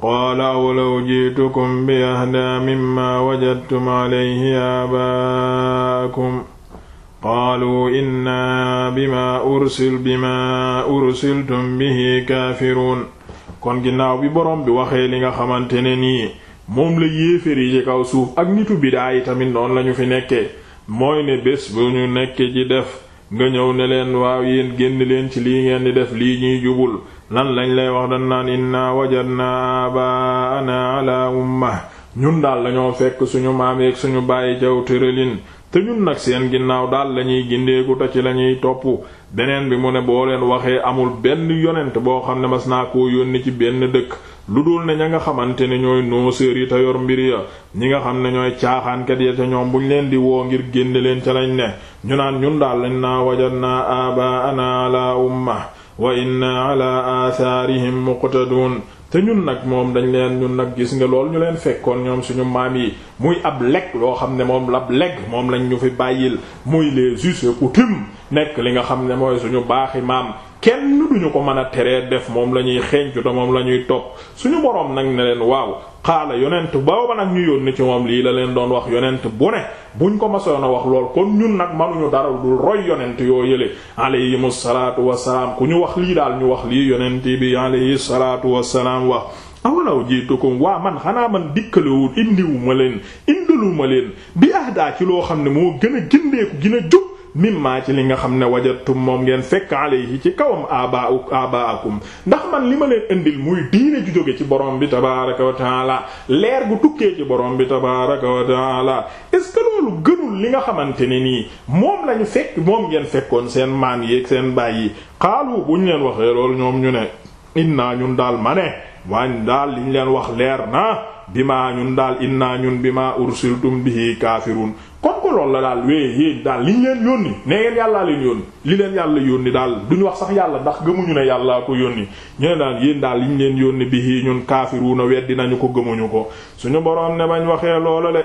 qaala awlaw jiitukum bi ahdaa mimma wajadtum alayhi aabaakum qaaluu inna bimaa ursil bimaa ursiltum bihi kaafiruun kon ginnaaw bi borom bi waxee li nga xamante ne nii moom la yéefér yi ci kaw suuf ak nitu bidaa yi tamit lañu fi nekkee mooy ne bés bu ñu nekk ji def nga ñëw ne leen waaw yéen génn leen ci lii ngeen di def lii ñuy jubul lan lañ lay wax dañ naan inna wajadna abaana ala umma ñun daal lañoo fekk suñu maam yeeg suñu bàyyi jaw tëralin te ñun nag seen ginnaaw daal lañuy gindeeku te ci lañuy topp beneen bi mu ne boo leen waxee amul benn yonent boo xam ne mas naa koo yónni ci benn dëkk lu dul ne ña nga xamante ne ñooy nooseur yi yor mbir ya ñi nga xam ne ñooy caaxaankat ya ca ñoom bu buñ leen di woo ngir génne leen ca lañ ne ñu naan ñun daal lañ naa wajadna abaana ala umma wa inna ala athaarihim muqtaduun te ñun nag moom dañ leen ñun nag gis nga lool ñu leen fekkoon ñoom suñu maam yi muy ab lekk loo xam ne moom lab lekk moom lañ ñu fi bàyyil muy les us et coutumes nekk li nga xam ne mooy suñu baaxi maam kenn ñu ko mën a teree def moom la ñuy xeeñcu te moom la ñuy topp suñu moroom nag ne waaw xaala yonent booba nag ñu yónni ci moom lii la leen doon wax yonent bu ne buñ ko masoon a wax lool kon ñun nag manuñu dara dul roy yonent yoo yële alayhimu salaatu wassalaam ku ñu wax lii daal ñu wax lii yonent bi alayhi salaatu wassalaam wax awalaw ko waa man xanaa man dikkalewul indiwu ma leen indilu ma leen bi ahdaa ci loo xam ne moo gën a gindeeku gën a jub mimma ci li nga xam ne wajatum moom ngeen fekk alayhi ci kawam abau abaakum ndax man li ma leen indil muy diine ju jóge ci borom bi tabaraka wa taala leer gu tukkee ci borom bi tabaraka wa taala est gënul li nga xamante ni nii moom lañu fekk moom ngeen fekkoon seen maan yi seen baay yi xaalu buñ leen waxee loolu ñoom ñu ne innaa ñun daal ma ne waañ daal liñ leen wax leer na bi maa ñun daal innaa ñun bi maa ursiltum bihi kaafirun comme que loolu la daal wee yéen daal liñ leen yónni ne ngeen yàllaa leen yónni li leen yàlla yónni daal du ñu wax sax yàlla ndax gëmuñu ne yàllaa ko yónni ñu ne daal yéen daal li liñ leen yónni bi ñun kaafiruuna weddi nañu ko gëmuñu ko suñu boroom ne bañ waxee loola le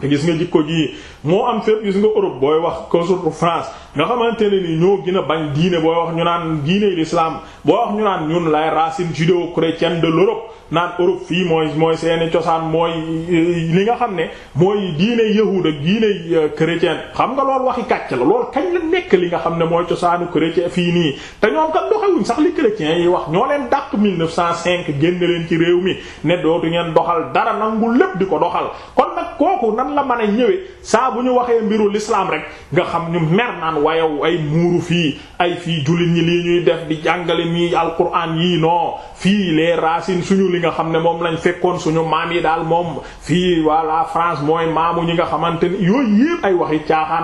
gis nga jikko ji moo am fépp gis nga Europe booy wax ko surtout France nga xamante ne ni ñoo gën a bañ diine boo wax ñu naan diine l'islam booy wax ñu naan ñun lay racine judéo-chrétienne de l'Europe naan Europe fii mooy mooy seeni cosaan mooy euh, li nga xam ne mooy diine yahuud ak diine euh, chrétienne xam nga loolu waxi kàcc la loolu kañ la nekk li nga xam ne mooy cosaanu chrétien fii nii te ñoom kat doxaluñ sax li chrétiens yi wax ñoo leen dàq 1905 génn leen ci réew mi ne dootu ngeen doxal dara nangu lépp di ko doxal kon nag kooku nan la mën a ñëwee saa bu ñu waxee mbiru l'islam rek nga xam ñu mer naan wayaw ay muuru fii ay fii jullit ñi lii ñuy def di jàngale nii alquran yii non fii les racines suñu li nga xam ne moom lañ fekkoon suñu maam yi daal moom fii voilà France mooy maamu ñi nga xamante ni yooyu ay waxi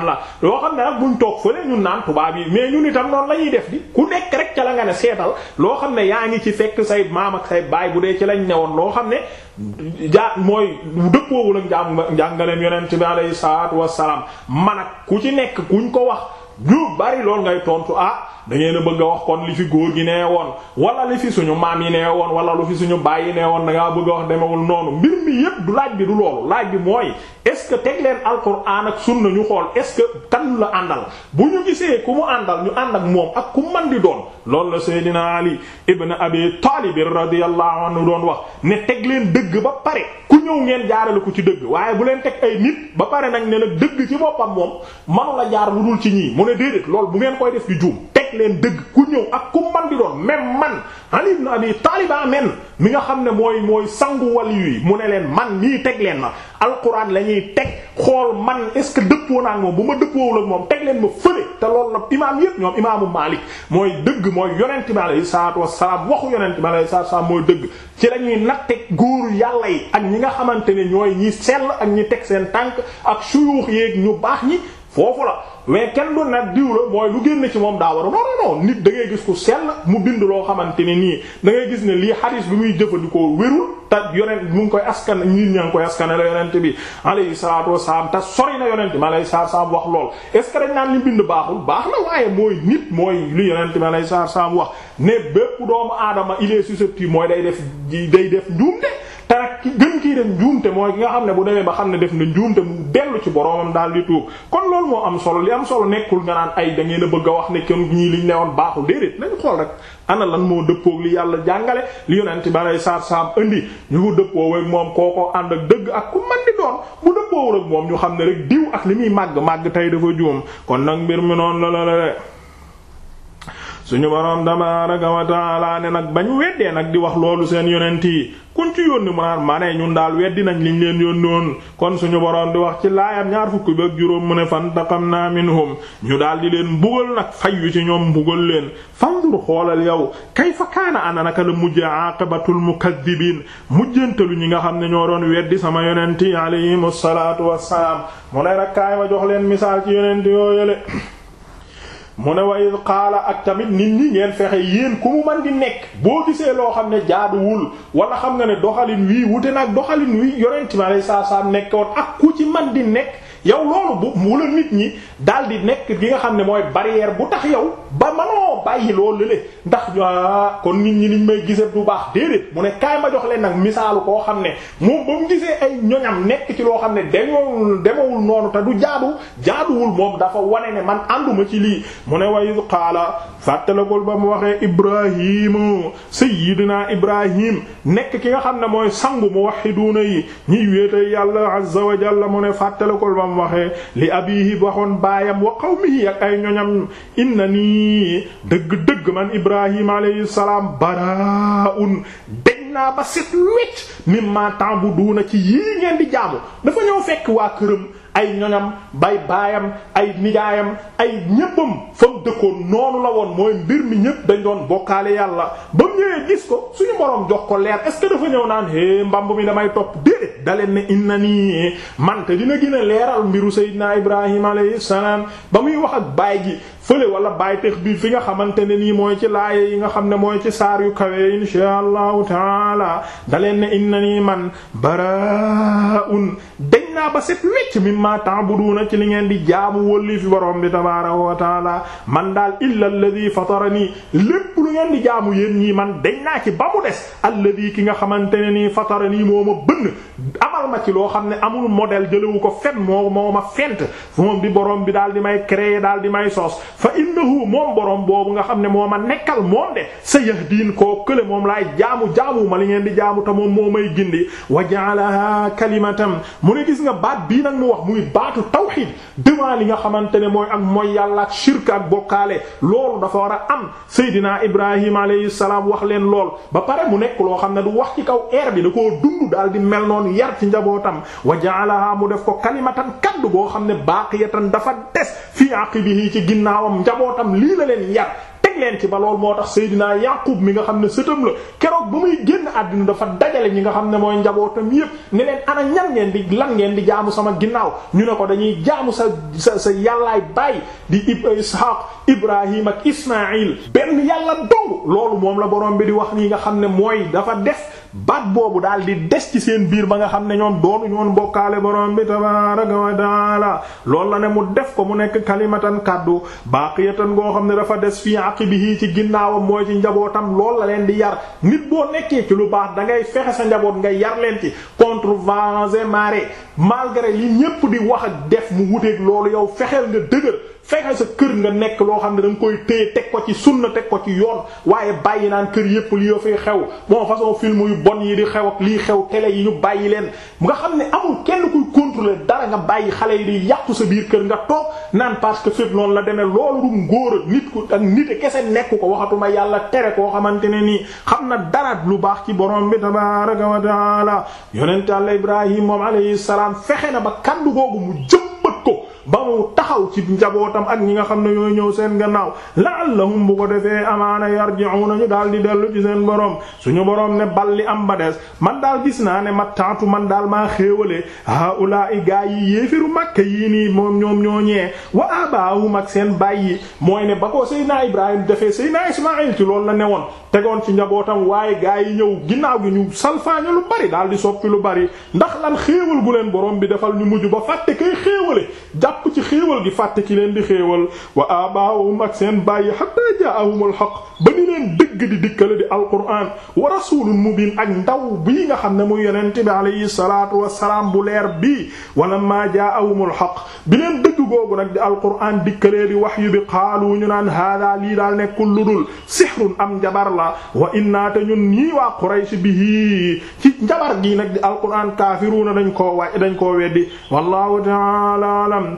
la yoo xam ne nag toog ñun naan tubaab yi mais ñun itam noonu la ñuy def di ku nekk rek ca seetal loo xam ne yaa ngi ci fekk say maam ak say baay bu dee ci lañ newoon loo xam ne jaa mooy dëppoowul ak njàngaleem yonent bi alayhi salaatu wassalaam man ak ku ci nekk kuñ ko wax ñu bari lool ngay tontu ah da ngeen a bëgg a wax kon li fi góor gi nee woon wala li fi suñu maam yi nee woon wala lu fi suñu baay yi nee woon da bëgg a wax demewul noonu mbir mi yépp du laaj bi du loolu laaj bi mooy est-ce que teg leen alxuraan ak sunna ñu xool est-ce que kan la àndal bu ñu gisee ku mu àndal ñu ànd ak moom ak ku man di doon loolu la Seydina Ali ibn Abi Talib radiyallahu anhu doon wax ne teg leen dëgg ba pare ku ñëw ngeen jaarale ko ci dëgg waaye bu leen teg ay nit ba pare nag ne nag dëgg ci boppam moom manu la jaar lu ci ñii mu ne déedéet loolu bu ngeen koy def di juum teg leen dëgg ku ñëw ak ku man di doon même man Ali ibn Abi Talib men mi nga xam ne mooy mooy sangu yi mu ne leen man nii teg leen ma alquran la ñuy teg xool man est-ce que dëppoo naa moom bu ma dëppoowul ak moom teg leen ma fële te loolu la imaam yépp ñoom imaamu Maalik mooy dëgg mooy yonent bi alayhi salaatu wassalaam waxu yonent bi alayhi salaatu wassalaam mooy dëgg ci la ñuy natte góoru yàlla yi ak ñi nga xamante ne ñooy ñi sell ak ñi teg seen tànk ak suyuux yeeg ñu baax ñi foofu la mais kenn du nag diw la mooy lu génn ci moom daa waru non non non nit da gis ku sell mu bind loo xamante ne nii da ngay gis ne lii xadis bi muy jëfandikoo wérul ta yonent mu ngi koy askan nit ñaa ngi koy la yonent bi alayhi salaatu wasalaam te sori na yonent bi alayhi salaatu wasalaam wax lool est ce naan li bind baaxul baax na waaye mooy nit mooy li yonent bi alayhi salaatu wasalaam wax ne bépp doomu aadama il est mooy day def day def njuum de ki gën kii dem njuumte mooy ki nga xam ne bu demee ba xam ne def na njuumte mu dellu ci boromam daal di tuub kon loolu moo am solo li am solo nekkul nga naan ay da ngeen bëgg a wax ne kenn ñii liñ ne woon baaxul déedéet nañ xool rek ana lan moo dëppoog li yàlla jàngale li yonent ba nay saar saam indi ñu ko dëppoo ak moom kookoo ànd ak dëgg ak ku man di doon bu dëppoowul ak moom ñu xam ne rek diw ak li muy màgg màgg tey dafa juum kon nag mbir mi noonu suñu boroom tabaaraka wa taala ne nag bañ weddee nag di wax loolu seen yonent yi kuñ ci yónni mu naan ma ne ñun daal weddi nañ liñ leen yónnoon kon suñu boroom di wax ci laayam ñaar fukki ba juróom mu ne fantaqamna minhum ñu daal di leen mbugal nag fayyu ci ñoom mbugal leen fandur xoolal yow kayfa kaana ana naka la mujj aqibatul mukaddibiin mujjantalu ñi nga xam ne ñoo doon weddi sama yonent yi alayhimu salaatu wassalaam mu ne nag mu ne wa id qaala ak tamit nit ñi ngeen fexe yéen ku mu man di nekk boo gisee loo xam ne jaaduwul wala xam nga ne doxalin wii wute na ak doxalin wii yonent mi alayhi salaam nekkoon woon ak ku ci man di nekk yow loolu bu mu la nit ñi daal di nekk gi nga xam ne mooy barrière bu tax yow ba manoo bàyyi loolu le ndax ah, kon nit ñi niñ may gisee du baax déedéet mu ne kaay ma jox leen nag misaalu koo xam ne moom ba mu gisee ay ñoñam nekk ci loo xam ne dañoo demewul noonu te du jaadu jaaduwul moom dafa wane ne man ànduma ci lii mu ne way qaala fàttalakul ba mu waxee Ibrahim sayyidina Ibrahim nekk ki nga xam ne mooy sangu mu muwahhiduna yi ñiy wéete yàlla azza wa jalla mu ne fàttalakul ba boroom waxee li abihi waxoon baayam wa qawmihi ak ay ñoñam na nii dëgg-dëgg man ibrahim alayhi salaam baraa'un naa ba set wecc mimma ta'buduna ci yii ngeen di jaamu dafa ñëw fekk waa këram ay ñoñam bay baayam ay nijaayam ay ñéppam fa mu dëkkoon noonu la woon mooy mbir mi ñépp dañ doon bokkaale yàlla ba mu ñëwee gis ko suñu boroom jox ko leer est-ce que dafa ñëw naan é mbamb mi damay topp déedéet daleen ne inna nii man te dina gën a leeral mbiru Seydina Ibrahim alayhi salaam ba muy wax ak baay ji fële wala baay tex bi fi nga xamante ne nii mooy ci laaye yi nga xam ne mooy ci saar yu kawe insha allahu taala daleen ne inna nii ma naa ba set wecc mimma ta'buduna ci li ngeen di jaamu wólli fi borom bi tabaaraka wa taala man daal illa alladhi fatarani lépp lu ngeen di yéen ñii man dañ naa ci ba mu des alladhi ki nga xamante ne nii fatarani moo ma bënn amal ci loo xam ne amul modèle jëlewu ko fen moo moo ma fent moom bi borom bi daal di may créer daal di may sos fa innahu moom boobu nga xam ne moo ma nekkal moom de sa yahdiin koo kële moom laay jaamu jaamu ma li ngeen di jaamu te moom moo may gindi wa ja'alaha kalimatan mu ne gis nga baat bii nag mu wax muy baatu tawxiid devant li nga xamante ne mooy ak mooy yàlla ak shirk ak bokkaale loolu dafa war a am Seydina Ibrahim alayhi salaam wax leen lool ba pare mu nekk loo xam ne du wax ci kaw air bi da koo dund daal di mel noonu yar ci njabootam wa ja'alaha mu def ko kalimatan kaddu goo xam ne baaqiyatan dafa des fii aqibihi ci ginnaawam njabootam lii la leen yar teg leen ci ba loolu moo tax seydinaa Yaqub mi nga xam ne sëtam la keroog ba muy génn àddina dafa dajale ñi nga xam ne mooy njabootam yépp ne leen ana ñan ngeen di lan ngeen di jaamu sama ginnaaw ñu ne ko dañuy jaamu sa sa sa yàllaay baay di uh, Ishaq Ibrahim ak Ismaïl benn yàlla dong loolu moom la borom bi di wax nii nga xam ne mooy dafa def baat boobu daal di des ci seen biir ba nga xam ne ñoom doonu ñoon bokkaale borom bi tabaaraka wa taala loolu la ne mu def ko mu nekk kalimatan kàddu baaqiyatan goo xam ne dafa des fii aqibihi ci ginnaawam mooy ci njabootam loolu la leen di yar nit boo nekkee ci lu baax dangay fexe sa njaboot nga yar leen ci contre vents et marées malgré li ñépp di wax ak def mu wuteeg loolu yow fexeel nga dëgër fexe sa kër nga nekk loo xam ne da koy téye teg ko ci sunna teg ko ci yoon waaye bàyyi naan kër yépp li yoo fiy xew bon façon film yu bon yi di xew ak lii xew télé yi ñu bàyyi leen nga xam ne amul kenn kuy contrôler dara nga bàyyi xale yi di yàqu sa biir kër nga toog naan parce que fépp noonu la demee loolu du ngóor ak nit ku ak nite kese nekku ko waxatuma yàlla tere koo xamante ne nii xam na dara lu baax ci borom bi tabaraka wa taala yonent Yàlla Ibrahim moom alayhi salaam fexe na ba kàddu googu mu jëmbat ko ba mu taxaw ci njabootam ak ñi nga xam ne ñooy ñëw seen gannaaw la la'allahum bu ko defee amaana yarji'una ñu daal di dellu ci seen borom suñu borom ne bal li am ba des man daal gis naa ne mattaatu man daal maa xéewale haa'ulaa'i gaa yi yéefiru Makka yii nii moom ñoom ñoo ñee wa abaahum ak seen bàyyi mooy ne ba ko Seydina Ibrahim defee Seydina Ismaïl ci loolu la ne newoon tegoon ci njabootam waaye gaa yi ñëw ginnaaw gi ñu salfaañe lu bari daal di soppi lu bari ndax lan xéewal gu leen borom bi defal ñu mujj jàpp ci xéewal gi fàtte ci leen di xéewal wa abaahum ak seen bàyyi hatta jaahumul haqq ba ni leen dëgg di dikkale di alquran wa mu bin ak ndaw bi nga xam ne muy yonent bi alayhi salaatu salaam bu leer bii wala ma jaahumul haqq bi leen dëgg googu nag di alquran dikkalee wax wahyu bi qaalu ñu naan haadaa lii daal nekkul lu dul sihrun am jabar la wa inna te ñun ñii waa Quraysh bihi ci jabar gi nag di alquran kaafiruuna dañ ko waay dañ koo weddi wallahu ta'ala alam